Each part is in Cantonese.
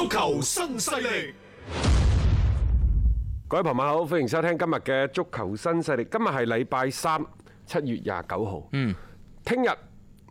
足球新勢力，各位朋友好，歡迎收聽今日嘅足球新勢力。今日係禮拜三，七月廿九號。嗯，聽日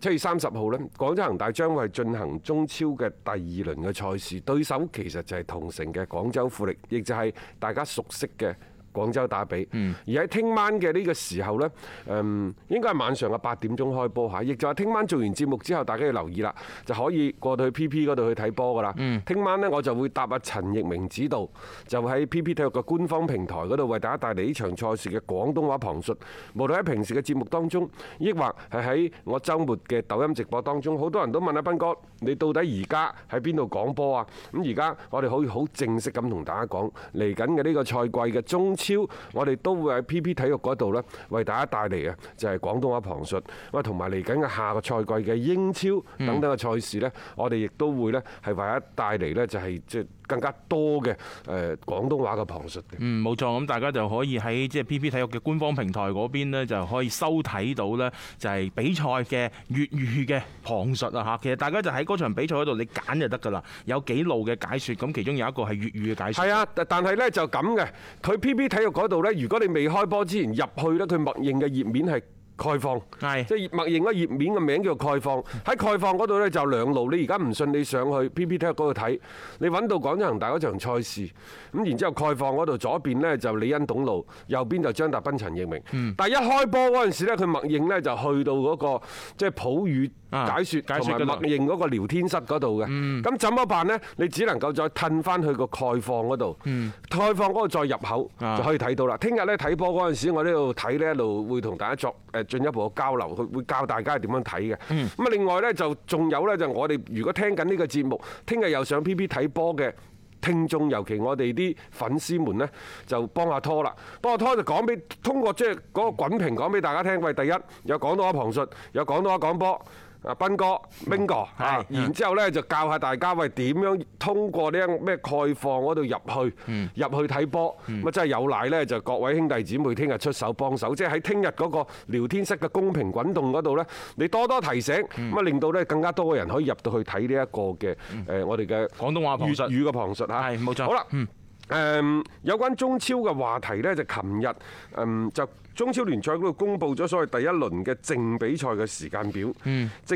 七月三十號咧，廣州恒大將會進行中超嘅第二輪嘅賽事，對手其實就係同城嘅廣州富力，亦就係大家熟悉嘅。廣州打比，而喺聽晚嘅呢個時候呢，嗯，應該係晚上嘅八點鐘開波嚇，亦就係聽晚做完節目之後，大家要留意啦，就可以過到去 PP 嗰度去睇波噶啦。嗯，聽晚呢，我就會搭阿陳奕明指導，就喺 PP 體育嘅官方平台嗰度為大家帶嚟呢場賽事嘅廣東話旁述。無論喺平時嘅節目當中，亦或係喺我週末嘅抖音直播當中，好多人都問阿斌哥，你到底而家喺邊度講波啊？咁而家我哋可以好正式咁同大家講，嚟緊嘅呢個賽季嘅中超。超，我哋都會喺 PP 體育嗰度呢，為大家帶嚟嘅就係廣東話旁述，咁同埋嚟緊嘅下個賽季嘅英超等等嘅賽事呢，我哋亦都會呢，係為大家帶嚟呢，就係即係。更加多嘅誒廣東話嘅旁述嘅。嗯，冇錯，咁大家就可以喺即係 PP 體育嘅官方平台嗰邊呢，就可以收睇到呢就係比賽嘅粵語嘅旁述啊嚇。其實大家就喺嗰場比賽嗰度，你揀就得噶啦。有幾路嘅解説，咁其中有一個係粵語嘅解説。係啊，但係呢就咁嘅。佢 PP 體育嗰度呢，如果你未開波之前入去呢，佢默認嘅頁面係，開放，即係默認個頁面嘅名叫做開放。喺開放嗰度咧就兩路。你而家唔信，你上去 PPT 嗰度睇，你揾到廣州恒大嗰場賽事。咁然之後開放嗰度左邊咧就李恩董路，右邊就張達斌陳奕明。但係一開波嗰陣時咧，佢默認咧就去到嗰個即係普語解説同埋默認嗰個聊天室嗰度嘅。咁怎麼辦咧？你只能夠再褪翻去個開放嗰度，開放嗰度再入口就可以睇到啦。聽日咧睇波嗰陣時，我呢度睇咧一路會同大家作誒，進一步嘅交流，佢會教大家點樣睇嘅。咁啊，另外呢就仲有呢，就我哋如果聽緊呢個節目，聽日又上 PP 睇波嘅聽眾，尤其我哋啲粉絲們呢，就幫下拖啦，幫下拖就講俾通過即係嗰個滾屏講俾大家聽。喂，第一有廣東話旁述，有廣東話講波。啊，斌哥，冰哥，然之後呢、嗯嗯，就教下大家喂點樣通過呢咩概況嗰度入去，入去睇波，即真係有奶呢，就各位兄弟姊妹聽日出手幫手，即係喺聽日嗰個聊天室嘅公屏滾動嗰度呢，你多多提醒，咁、嗯、啊令到呢更加多嘅人可以入到去睇呢一個嘅誒我哋嘅、嗯、廣東話旁述語嘅旁述係冇錯。好啦，嗯誒、嗯、有關中超嘅話題呢，就琴日誒就中超聯賽嗰度公布咗所謂第一輪嘅淨比賽嘅時間表。淨、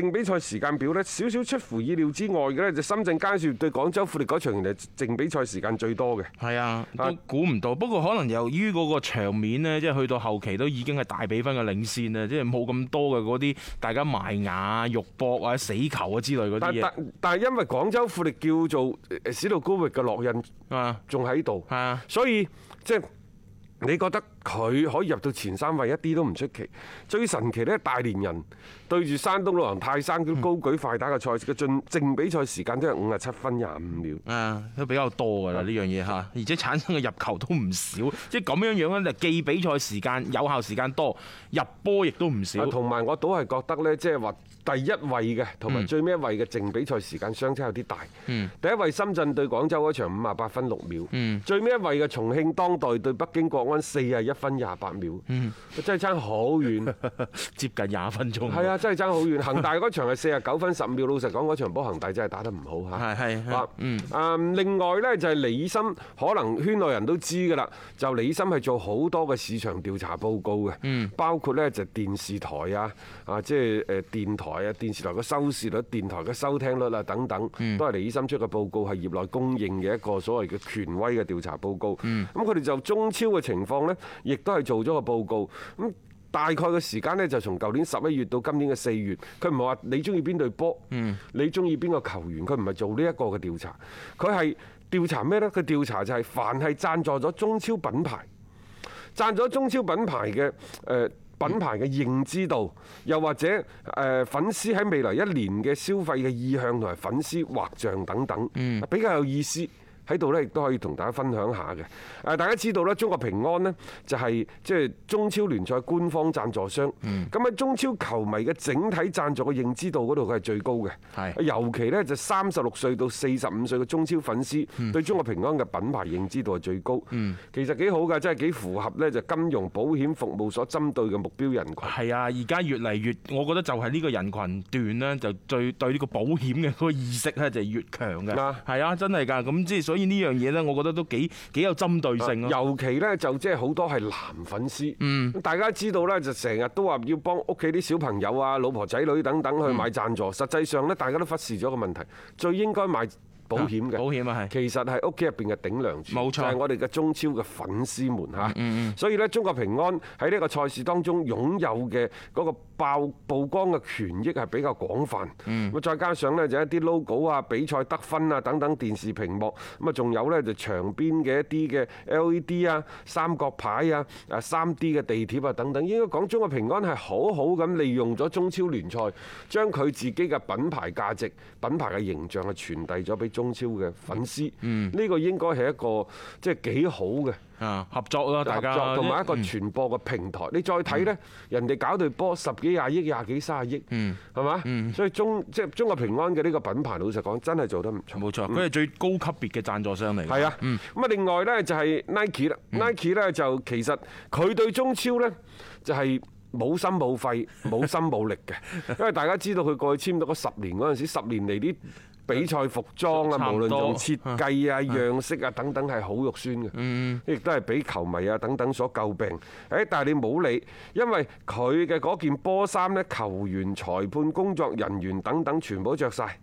嗯、比賽時間表呢，少少出乎意料之外嘅咧，就深圳佳兆對廣州富力嗰場原來淨比賽時間最多嘅。係啊，都估唔到、啊。不過可能由於嗰個場面呢，即係去到後期都已經係大比分嘅領先啊，即係冇咁多嘅嗰啲大家埋牙、肉搏或者死球啊之類嗰啲嘢。但係但係因為廣州富力叫做史杜高域嘅烙印啊，仲喺度，所以即係你覺得佢可以入到前三位一啲都唔出奇，最神奇呢，大連人對住山東魯能泰山高舉快打嘅賽事嘅淨淨，淨比賽時間都係五十七分廿五秒，啊都比較多㗎喇呢樣嘢吓，而且產生嘅入球都唔少，即係咁樣樣呢，既比賽時間有效時間多，入波亦都唔少。同埋我都係覺得呢，即係話第一位嘅同埋最尾一位嘅正比賽時間相差有啲大。第一位深圳對廣州嗰場五十八分六秒，最尾一位嘅重慶當代對北京國四十一分廿八秒，嗯，真係爭好遠，接近廿分鐘。係啊，真係爭好遠。恒大嗰場係四十九分十五秒。老實講，嗰場波恒大真係打得唔好嚇。係係。哇、嗯，另外呢，就係李森，可能圈內人都知㗎啦。就李森係做好多嘅市場調查報告嘅，嗯、包括呢，就電視台啊，啊，即係誒電台啊，電視台嘅收視率、電台嘅收聽率啊等等，都係李森出嘅報告，係業內公認嘅一個所謂嘅權威嘅調查報告。咁佢哋就中超嘅情況咧，亦都係做咗個報告。咁大概嘅時間呢，就從舊年十一月到今年嘅四月。佢唔係話你中意邊隊波，嗯，你中意邊個球員，佢唔係做呢一個嘅調查。佢係調查咩呢？佢調查就係凡係贊助咗中超品牌，贊助咗中超品牌嘅誒品牌嘅認知度，又或者誒粉絲喺未來一年嘅消費嘅意向同埋粉絲畫像等等，比較有意思。喺度呢，亦都可以同大家分享下嘅。誒，大家知道啦，中國平安呢就係即係中超聯賽官方贊助商。咁喺中超球迷嘅整體贊助嘅認知度嗰度，佢係最高嘅。尤其呢就三十六歲到四十五歲嘅中超粉絲對中國平安嘅品牌認知度係最高。其實幾好嘅，即係幾符合呢就金融保險服務所針對嘅目標人群。係啊，而家越嚟越，我覺得就係呢個人群段呢就最對呢個保險嘅嗰個意識呢就越強嘅。啊。係啊，真係噶。咁即所。所以呢樣嘢呢，我覺得都幾有針對性。尤其呢，就即係好多係男粉絲。嗯，大家知道呢，就成日都話要幫屋企啲小朋友啊、老婆仔女等等去買贊助。實際上呢，大家都忽視咗個問題，最應該買保險嘅保險啊，係其實係屋企入邊嘅頂梁柱，冇錯、就是、我哋嘅中超嘅粉絲們嚇、嗯嗯。所以呢，中國平安喺呢一個賽事當中擁有嘅嗰個曝曝光嘅權益係比較廣泛。咁、嗯、再加上呢，就一啲 logo 啊、比賽得分啊等等電視屏幕，咁啊仲有呢就場邊嘅一啲嘅 LED 啊、三角牌啊、啊三 D 嘅地鐵啊等等。應該講中國平安係好好咁利用咗中超聯賽，將佢自己嘅品牌價值、品牌嘅形象係傳遞咗俾。中超嘅粉絲，呢、嗯呢個應該係一個即係幾好嘅合作啦，大家同埋一個傳播嘅平台。嗯、你再睇呢，嗯、人哋搞對波十幾廿億、廿幾卅億，係、嗯、嘛、嗯？所以中即係、就是、中國平安嘅呢個品牌，老實講真係做得唔錯。冇錯，佢係最高級別嘅贊助商嚟。係、嗯、啊，咁、嗯、啊，另外呢、嗯，就係 Nike 啦，Nike 呢，就其實佢對中超呢，就係冇心冇肺、冇心冇力嘅，因為大家知道佢過去簽到十年嗰陣時，十年嚟啲比賽服裝啊，無論用設計啊、樣式啊等等係好肉酸嘅，亦都係俾球迷啊等等所詬病。誒，但係你冇理，因為佢嘅嗰件波衫呢，球員、裁判、工作人員等等全部都著晒。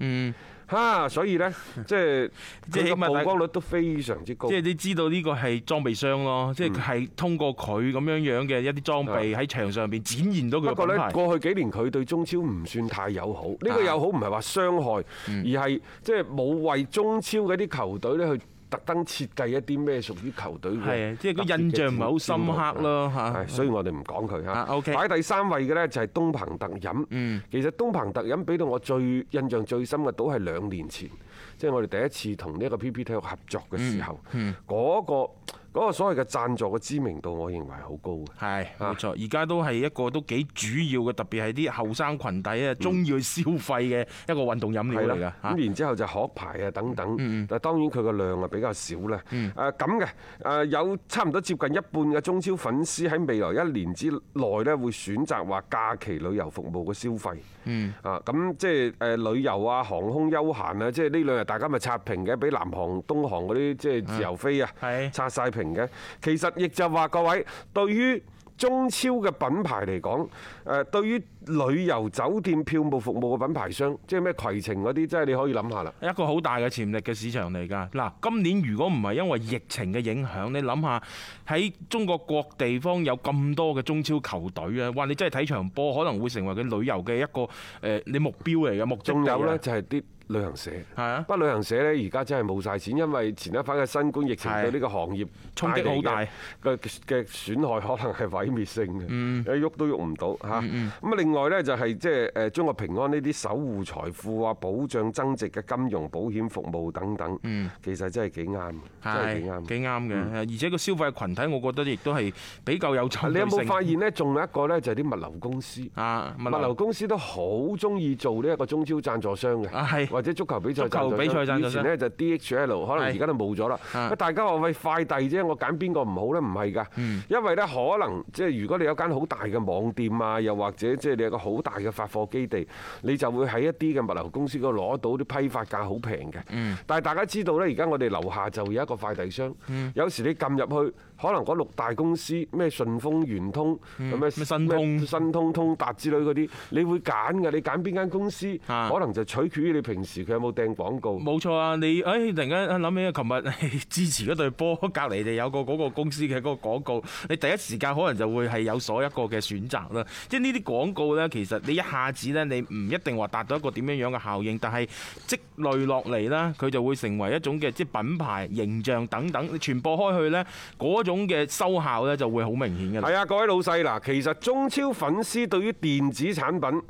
嚇、啊！所以呢，即係即係曝光率都非常之高是。即係你知道呢個係裝備商咯，嗯、即係係通過佢咁樣樣嘅一啲裝備喺場上邊展現到佢。不過呢，過去幾年佢對中超唔算太友好。呢、呢個友好唔係話傷害，而係即係冇為中超嗰啲球隊呢去。特登設計一啲咩屬於球隊嘅，即係個印象唔係好深刻咯嚇。所以我哋唔講佢嚇。Okay. 擺第三位嘅咧就係東鵬特飲。其實東鵬特飲俾到我最印象最深嘅都係兩年前，即係我哋第一次同呢一個 PP 體育合作嘅時候，嗰個。嗯嗯。嗰個所謂嘅贊助嘅知名度，我認為好高嘅。係，冇錯。而家都係一個都幾主要嘅，特別係啲後生群體啊，中意去消費嘅一個運動飲料嚟㗎。咁然之後就殼牌啊等等。嗯、但係當然佢個量啊比較少啦。嗯。咁嘅誒有差唔多接近一半嘅中超粉絲喺未來一年之內呢，會選擇話假期旅遊服務嘅消費。嗯。啊，咁即係誒旅遊啊、航空休閒啊，即係呢兩日大家咪刷屏嘅，俾南航、東航嗰啲即係自由飛啊，嗯、刷曬屏嘅，其實亦就話各位對於中超嘅品牌嚟講，誒對於旅遊酒店票務服務嘅品牌商，即係咩攜程嗰啲，即係你可以諗下啦，一個好大嘅潛力嘅市場嚟㗎。嗱，今年如果唔係因為疫情嘅影響，你諗下喺中國各地方有咁多嘅中超球隊啊，哇！你真係睇場波可能會成為佢旅遊嘅一個誒、呃、你嘅目標嚟嘅，目標嘅。仲有啦，就係啲。旅行社，係啊，不過旅行社咧，而家真係冇晒錢，因為前一排嘅新冠疫情對呢個行業衝擊好大，嘅嘅損害可能係毀滅性嘅，喐、嗯、都喐唔到嚇。咁啊，另外咧就係即係誒中國平安呢啲守護財富啊、保障增值嘅金融保險服務等等，嗯、其實真係幾啱，真係幾啱，幾啱嘅。而且個消費群體，我覺得亦都係比較有層次性。你有冇發現呢？仲有一個呢，就係啲物流公司、啊，物流公司都好中意做呢一個中超贊助商嘅。或者足球比賽贊助，足球比賽以前呢，就 DHL，可能而家都冇咗啦。大家話喂快遞啫，我揀邊個唔好呢？唔係㗎，因為呢，可能即係如果你有間好大嘅網店啊，又或者即係你有個好大嘅發貨基地，你就會喺一啲嘅物流公司嗰度攞到啲批發價好平嘅。但係大家知道呢，而家我哋樓下就有一個快遞商。有時你撳入去，可能嗰六大公司咩順豐、圓通、咩申通、申通通達之類嗰啲，你會揀㗎。你揀邊間公司，可能就取決於你平時。時佢有冇掟廣告？冇錯啊！你誒突然間諗起，琴日支持嗰隊波隔離就有個嗰個公司嘅嗰個廣告，你第一時間可能就會係有所一個嘅選擇啦。即係呢啲廣告咧，其實你一下子咧，你唔一定話達到一個點樣樣嘅效應，但係積累落嚟啦，佢就會成為一種嘅即係品牌形象等等，你傳播開去咧，嗰種嘅收效咧就會好明顯嘅。係啊，各位老細嗱，其實中超粉絲對於電子產品。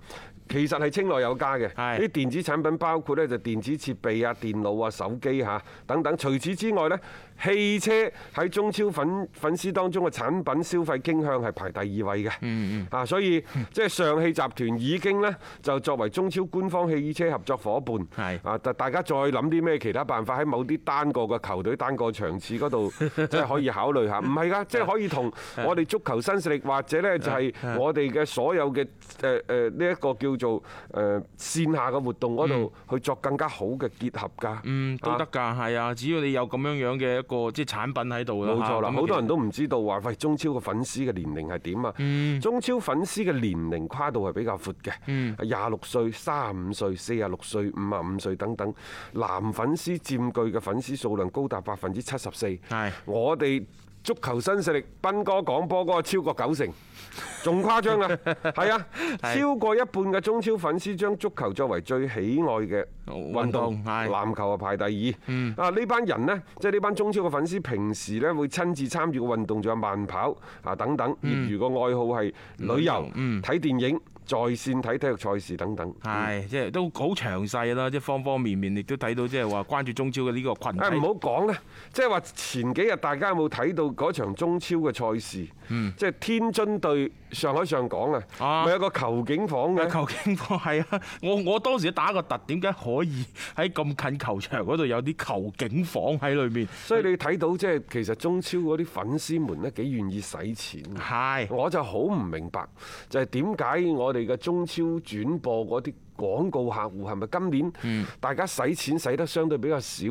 其實係青內有加嘅，啲電子產品包括呢就電子設備啊、電腦啊、手機嚇等等。除此之外呢，汽車喺中超粉粉絲當中嘅產品消費傾向係排第二位嘅。嗯嗯。啊，所以即係上汽集團已經呢，就作為中超官方汽車合作伙伴。啊，大家再諗啲咩其他辦法喺某啲單個嘅球隊、單個場次嗰度，即係可以考慮下不是。唔係㗎，即係可以同我哋足球新勢力或者呢就係我哋嘅所有嘅誒誒呢一個叫做誒線下嘅活動嗰度去作更加好嘅結合㗎，嗯，都得㗎，係啊，只要你有咁樣樣嘅一個即係產品喺度冇錯啦，好多人都唔知道話，喂，中超嘅粉絲嘅年齡係點啊？中超粉絲嘅年齡跨度係比較闊嘅，廿六歲、三十五歲、四十六歲、五十五歲等等，男粉絲佔據嘅粉絲數量高達百分之七十四，係我哋。足球新勢力斌哥講波，嗰個超過九成，仲誇張啊！係 啊，超過一半嘅中超粉絲將足球作為最喜愛嘅運動，運動籃球啊排第二。啊、嗯，呢班人呢，即係呢班中超嘅粉絲，平時咧會親自參與嘅運動，仲有慢跑啊等等。業餘嘅愛好係旅遊、睇、嗯、電影。嗯嗯在線睇體育賽事等等、嗯，係，即係都好詳細啦，即係方方面面，亦都睇到即係話關注中超嘅呢個羣體。唔好講啦，即係話前幾日大家有冇睇到嗰場中超嘅賽事？嗯，即係天津對上海上港啊！啊，咪有個球景房嘅球景房係啊！我我當時打一個突，點解可以喺咁近球場嗰度有啲球景房喺裏面？所以你睇到即係其實中超嗰啲粉絲們咧幾願意使錢嘅。係，我就好唔明白就係點解我哋。中超轉播嗰啲廣告客戶係咪今年大家使錢使得相對比較少，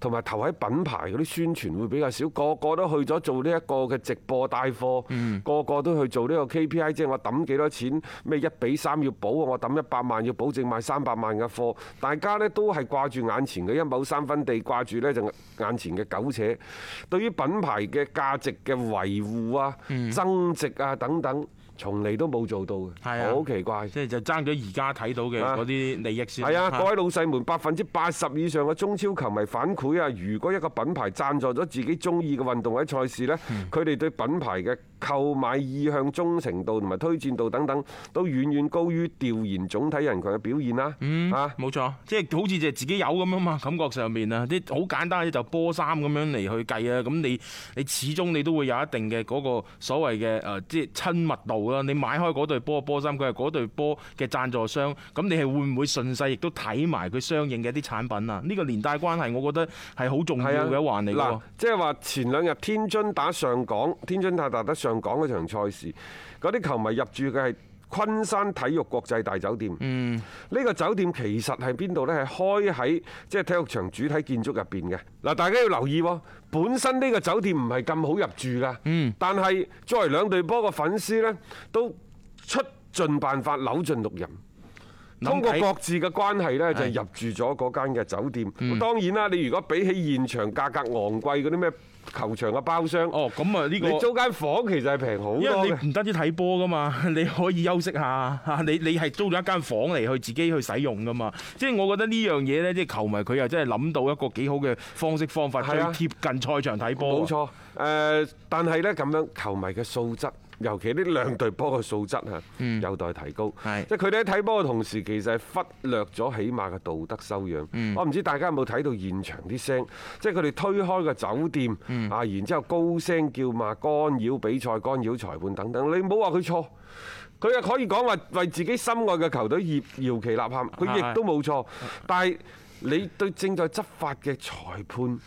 同埋投喺品牌嗰啲宣傳會比較少，個個都去咗做呢一個嘅直播帶貨，個個都去做呢個 KPI，即係我抌幾多錢，咩一比三要補，我抌一百萬要保證賣三百萬嘅貨，大家呢都係掛住眼前嘅一畝三分地，掛住呢就眼前嘅苟且，對於品牌嘅價值嘅維護啊、增值啊等等。從嚟都冇做到嘅，好奇怪！即係就爭咗而家睇到嘅嗰啲利益先是。係啊，各位老細們，百分之八十以上嘅中超球迷反饋啊，如果一個品牌贊助咗自己中意嘅運動或者賽事呢，佢哋對品牌嘅購買意向忠誠度同埋推薦度等等都遠遠高於調研總體人群嘅表現啦。嗯，啊，冇錯，即係好似就係自己有咁樣啊嘛，感覺上面啊啲好簡單就波衫咁樣嚟去計啊。咁你你始終你都會有一定嘅嗰個所謂嘅誒、呃，即係親密度啦。你買開嗰對波波衫，佢係嗰對波嘅贊助商，咁你係會唔會順勢亦都睇埋佢相應嘅啲產品啊？呢、這個連帶關係，我覺得係好重要嘅一環嚟㗎。嗱，即係話前兩日天，天津打上港，天津泰達得上。仲講嗰場賽事，嗰啲球迷入住嘅係昆山體育國際大酒店。嗯，呢個酒店其實係邊度呢？係開喺即係體育場主體建築入邊嘅。嗱，大家要留意，本身呢個酒店唔係咁好入住㗎。嗯。但係作為兩隊波嘅粉絲呢，都出盡辦法扭盡六壬，通過各自嘅關係呢，就係入住咗嗰間嘅酒店。嗯、當然啦，你如果比起現場價格昂貴嗰啲咩，球場嘅包廂，哦，咁啊呢個，你租間房其實係平好，因為你唔單止睇波噶嘛，你可以休息下，吓你你係租咗一間房嚟去自己去使用噶嘛，即係我覺得呢樣嘢呢，即係球迷佢又真係諗到一個幾好嘅方式方法，去貼近賽場睇波，冇錯，誒，但係呢，咁樣，球迷嘅素質。尤其呢兩隊波嘅素質啊，有待提高。即係佢哋喺睇波嘅同時，其實係忽略咗起碼嘅道德修養，嗯。我唔知大家有冇睇到現場啲聲，即係佢哋推開個酒店、嗯、啊，然之後高聲叫罵，干擾比賽，干擾裁判等等。你唔好話佢錯，佢又可以講話為自己心愛嘅球隊而搖旗吶喊，佢亦都冇錯。是是但係你對正在執法嘅裁判，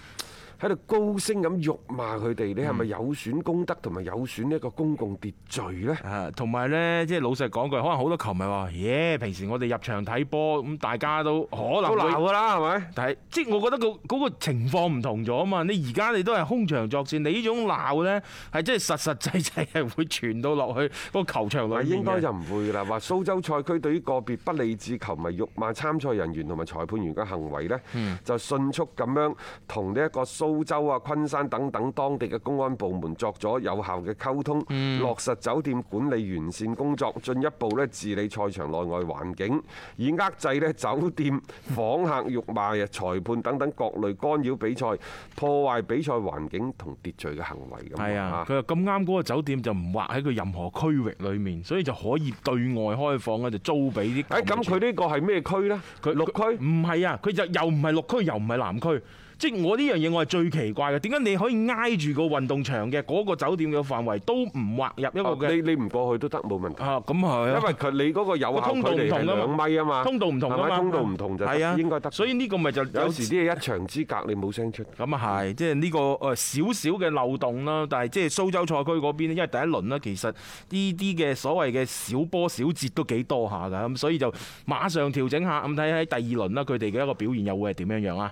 喺度高聲咁辱罵佢哋，你係咪有損公德同埋有損呢一個公共秩序呢？啊、嗯，同埋呢，即係老實講句，可能好多球迷話：耶、yeah，平時我哋入場睇波，咁大家都可能都鬧噶啦，係咪？但係即係我覺得個嗰個情況唔同咗啊嘛！你而家你都係空場作戰，你呢種鬧呢係即係實實際際係會傳到落去個球場裏面。應該就唔會啦。話蘇州賽區對於個別不理智球迷辱罵參賽人員同埋裁判員嘅行為呢，嗯、就迅速咁樣同呢一個蘇州啊、昆山等等當地嘅公安部門作咗有效嘅溝通，落實酒店管理完善工作，進一步咧治理賽場內外環境，以遏制咧酒店訪客辱罵啊、裁判等等各類干擾比賽、破壞比賽環境同秩序嘅行為。咁啊，佢話咁啱嗰個酒店就唔劃喺佢任何區域裡面，所以就可以對外開放咧，就租俾啲。咁佢呢個係咩區呢？佢六區？唔係啊，佢就又唔係六區，又唔係南區。即係我呢樣嘢，我係最奇怪嘅。點解你可以挨住個運動場嘅嗰個酒店嘅範圍都唔劃入一個，你你唔過去都得，冇問題。嚇、啊，咁啊，因為佢你嗰個有啊，佢哋係兩米啊嘛。通道唔同啊嘛，是是，通道唔同，同就係啊，應該得，得。所以呢個咪就有時啲一牆之隔你，你冇聲出。咁啊係，即係呢個誒少少嘅漏洞啦。但係即係蘇州賽區嗰邊因為第一輪呢，其實呢啲嘅所謂嘅小波小折都幾多下㗎。咁所以就馬上調整下，咁睇喺第二輪啦。佢哋嘅一個表現又會係點樣樣啊？